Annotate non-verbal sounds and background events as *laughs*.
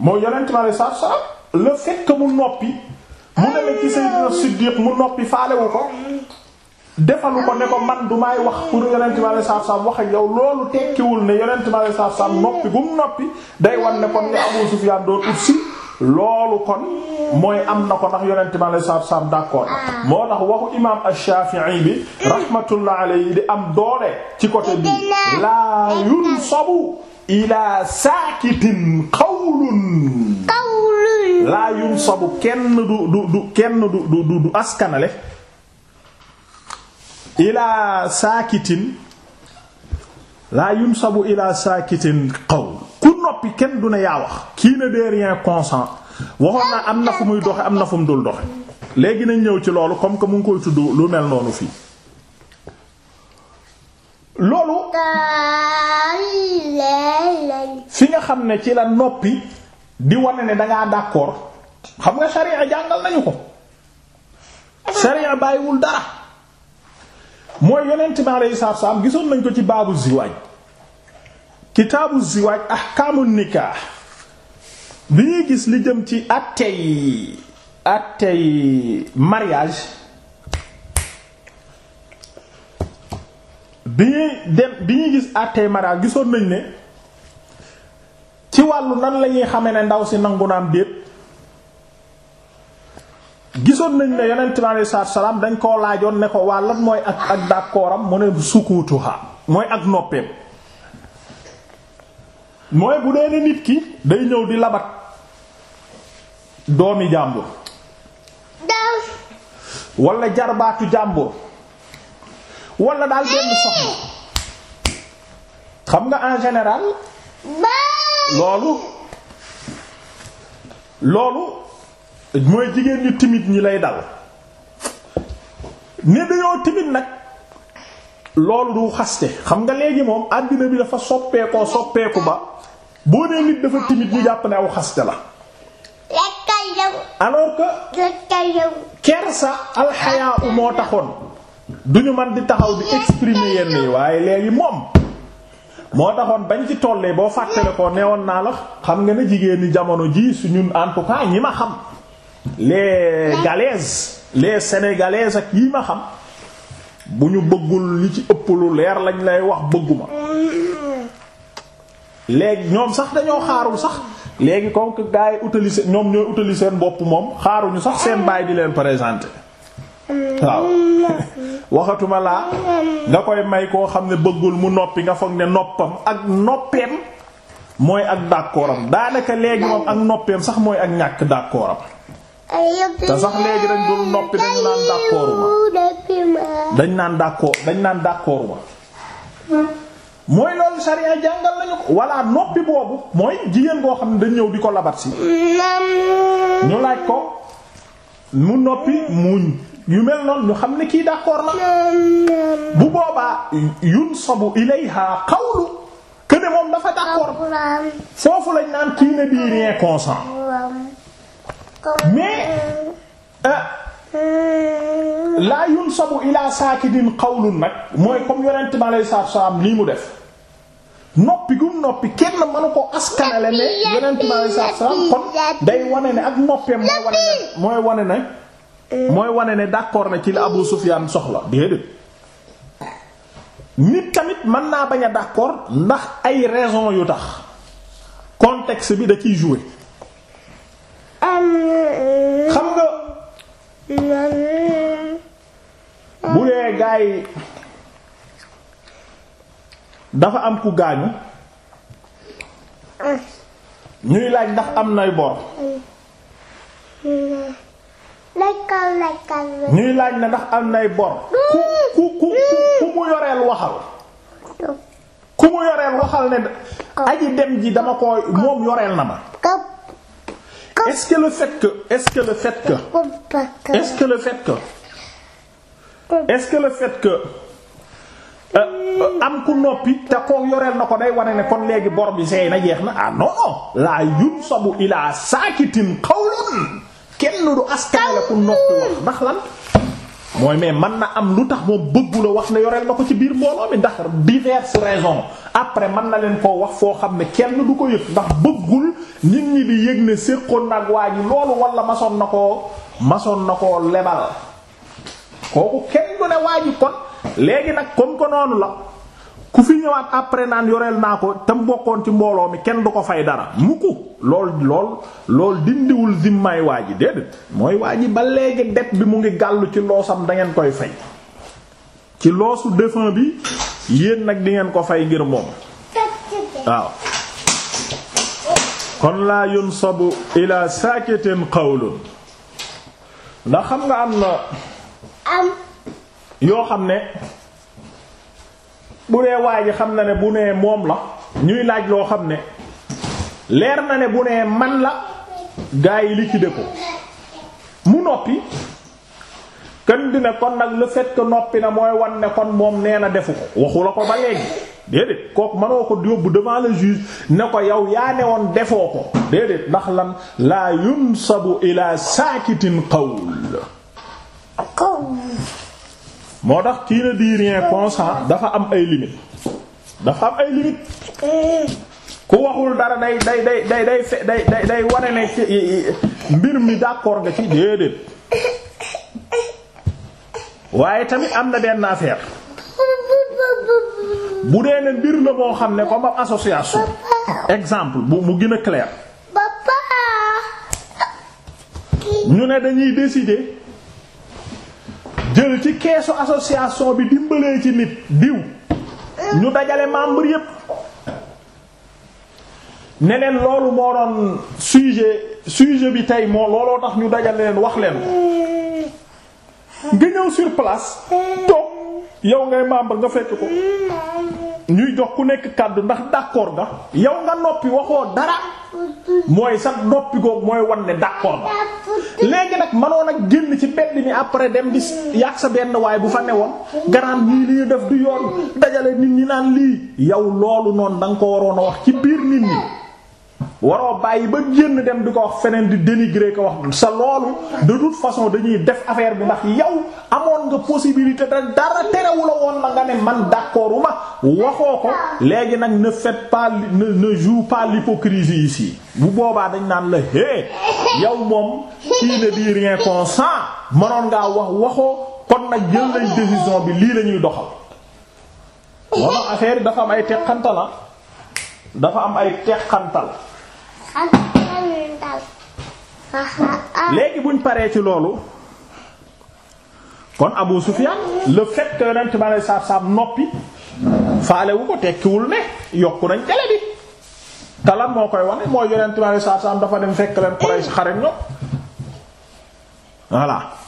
moo yonent ma ne saab saab le fait que mu noppi mu demee ci Seydina Siddiq mu noppi faalewu ko defalu ko ne ko man du may wax pour yonent ma ne saab saab wax ak yow loolu tekkiwul ne yonent ma ne saab saab noppi bu noppi day wan ne kon ne Abu Sufyaan doo ut loolu kon mooy am na ko ndax yonente bi alei salatu salaam d'accord moo tax waxu imam ash-Shafi'i bi rahmatullah alayhi di am doole ci côté bi la yunsabu ilaa saakitin qawlun qawlun laa yunsabu kenn du du du kenn du du du askanale ilaa saakitin laa yunsabu ilaa saakitin qawl ku noppi kenn du ne yaa wax kii ne de rien consent waxoon naa am na muy doxe am na fu mu dul doxe léegi nañ ñëw ci loolu comme que mu ngi koy tudd lu mel noonu fii loolu fi nga xam ne ci la noppi di wane ne dangaa d'accord xam nga sharia jàngal nañu ko sharia bàyyiwul dara mooy yonent bi alayhi salaatu salaam gisoon nañ ko ci baabu ziwaaj kitaabu ziwaaj ahkaamu nikah bi ñuy gis li jëm ci attey attey mariage bi ñuy dem bi ñuy gis attey mariage gisoon nañ ne wàllu nan lañuy xame ne ndaw si nangu naan déet gisoon nañ ne yonent bi salaam dañ koo laajoon ne ko waa lan mooy ak ak d'accordam mu ne sukutuha mooy ak noppeem mooy bu dee ne nit ki day ñëw di labat doomi jàmbur wala jarbaatu jàmbur wala daal benn soxna xam nga en général loolu loolu mooy jigéen ñu timide ñi lay dal ne dañoo timide nag loolu du xaste xam nga léegi moom àddina bi dafa soppeekoo soppeeku ba boo nee nit dafa timit bu jàpp ne aw xaste la alors que sa alxayaa u moo taxoon duñu man di taxaw di exprimer yenn yi waaye léegi moom moo taxoon bañ ci tollee boo fàttale ko woon naa la xam nga ne jigéen ñi jamono ji su ñun en tout cas ma xam les galaises les sénégalaises ak yi ma xam bu ñu bëggul li ci ëpp lu leer lañ lay wax bëgguma léegi ñoom sax dañoo xaarul sax léegi comme que gars yi utiliser ñoom ñooy utiliser seen bopp moom xaaruñu sax seen baay di leen présenté waaw *laughs* waxatuma laa nga koy may koo xam ne bëggul mu noppi nga foog ne noppam ak noppeem mooy ak d'accordam daanaka léegi moom noppeem sax mooy ak ñàkk d'accordam te sax léegi dañ dul noppi dañ naan d'accorduma dañ naan d'accord mooy loolu sariya jàngal nañu ko walla noppi boobu mooy jigéen koo xam ne dañ ñëw di ko labat si ñu laaj ko mu noppi muñ yu mel noonu ñu xam ne kii d'accord la bu boobaa yunsabu ilayha qawlu que ne moom dafa d'accord foofu lañ naan kii ne bii rien consent mais euh, laa yunsabu ila saakidin qawlun nag mooy comme yonent bi alayhi salaatu salaam lii mu def noppi gum noppi kenn ko askanale ne yonent bi alayhi salaatu salaam mooy wane ne mooy wane ne d'accord na ci la Abu Sufyaan soxla déedéet nit tamit mën naa bañ a d'accord ndax ay raison yu tax contexte bi da ciy jouer xam nga bu dee gaa yi dafa am ku gaañu ah. ñuy laaj ndax am nay bor ñuy laaj na ndax am nay bor ku ku ku ku mu yoreel waxal ku mu yoreel waxal ne aji dem ji dama ko moom yoreel na ma est-ce que le fait que est-ce que le fait que am ku noppi te kook yoreel na ko day wane ne kon léegi bor bi seey na jeex na ah non non la yunsabu ila sakitin qawlun kenn du askan la ku noppi wax ndax lan mooy mais man na am lu tax moom bëggu la wax ne yoreel na ko ci biir mbooloo mi ndax diverses raisons après mën na leen koo wax foo xam ne kenn du ko yëg ndax bëggul nit ñi bi yëg ne séqoon nag waa ji loolu wala masoon na ko masoon na ko lebal kooku kenn du ne waa kon léegi nag comme ko noonu la ku fi ñëwaat après naan yoreel naa ko te bokkoon ci mbooloo mi kenn du ko fay dara mukk lool lool lool dindiwul zimmaay waa ji déedéet mooy waa ji ba léegi det bi mu ngi gàllu ci loosam da ngeen koy fay ci loosu défunt bi yéen nag di ngeen ko fay ngir moom waaw kon laa yoon sobu yunsabu ila sakitin qawlun ndax xam nga am na yoo xam ne bu dee waa ji xam na ne bu nee moom la ñuy laaj loo xam ne leer na ne bu nee man la gaa yi liquider ko mu noppi kenn dina kon nag la fait que noppi na mooy wan ne kon moom nee na defu ko waxu la ko ba léegi déedéet kooku mënoo ko yóbbu devant le juge ne ko yow yaa ne woon defoo ko déedéet ndax lan laa yunsabu ila sakitin qawl qawl moo tax kii ne dit rien consent dafa am ay limites dafa am ay limites ku waxul dara day day day day day day day day wane ne mbir mi d'accord nga ci déedéet waaye tamit am na benn affaire bu dee ne mbir la boo xam ne comme ab association exemple bu mu gën a clair ñu ne dañuy décider. jël ci keesu association bi dimbalee ci nit diw ñu dajale membre yépp ne leen loolu moo doon sujet sujet bi tey moo looloo tax ñu dajale leen wax leen ko nga ñëw sur place toog ngay membre nga fekk ko ñuy jox ku nekk kàddu ndax d'accord nga yow nga noppi waxoo dara mooy sax noppi googu mooy wan ne d'accord léegi nag manoon ak génn ci bedd mi après dem di yàq sa benn waay bu fa newoon garaan bii li ñu def du yoon dajale nit ñi naan lii yow loolu noonu danga ko waroon a wax ci biir nit ñi waroo bàyyi ba génn dem di ko wax feneen di dénigrer ko wax sa loolu de toute façon dañuy def affaire bi ndax yow amoon nga possibilité de dara terewu la woon la nga ne man d'accordu ma waxoo ko léegi nag ne faites pas ne ne joue pas l'hypocrisie ici bu boobaa dañ naan la hé yow moom kii ne di rien consent mënoon ngaa wax waxoo kon nag jël nañ décision bi lii lañuy ñuy doxal wala affaire dafa am ay teqantal ah. dafa am ay teqantal léegi buñ paree ci loolu kon Abu Sufyan le fait que yonent ma saab saab noppi faale wu ko tekkiwul ne yokku nañ tele bi te lan moo koy wane mooy yonent ma lay saab saab dafa dem fekk leen Quraysh xare ñoom voilà